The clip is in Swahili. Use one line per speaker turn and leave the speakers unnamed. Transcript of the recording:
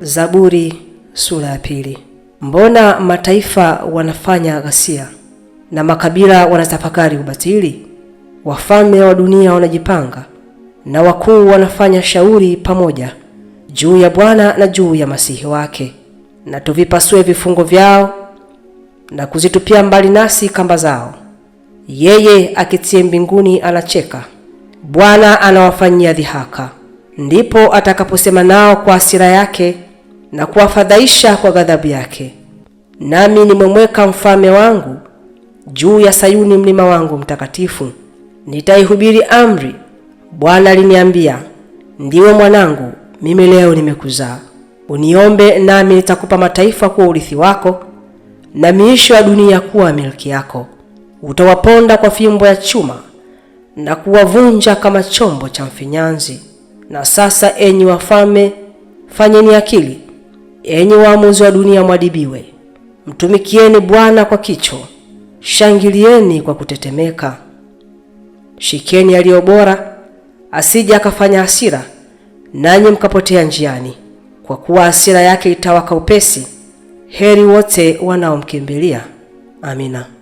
Zaburi sura ya pili. Mbona mataifa wanafanya ghasia na makabila wanatafakari ubatili? Wafalme wa dunia wanajipanga na wakuu wanafanya shauri pamoja juu ya Bwana na juu ya masihi wake, na tuvipasue vifungo vyao na kuzitupia mbali nasi kamba zao. Yeye akitie mbinguni anacheka, Bwana anawafanyia dhihaka. Ndipo atakaposema nao kwa hasira yake na kuwafadhaisha kwa ghadhabu yake. Nami nimemweka mfalme wangu juu ya Sayuni, mlima wangu mtakatifu. Nitaihubiri amri. Bwana aliniambia, ndiwe mwanangu, mimi leo nimekuzaa. Uniombe nami nitakupa mataifa kuwa urithi wako na miisho ya dunia kuwa milki yako. Utawaponda kwa fimbo ya chuma na kuwavunja kama chombo cha mfinyanzi. Na sasa, enyi wafalme, fanyeni akili Enyi waamuzi wa dunia, mwadibiwe, mtumikieni Bwana kwa kicho, shangilieni kwa kutetemeka. Shikeni yaliyo bora, asije akafanya hasira, nanyi mkapotea njiani, kwa kuwa hasira yake itawaka upesi. Heri wote wanaomkimbilia. Amina.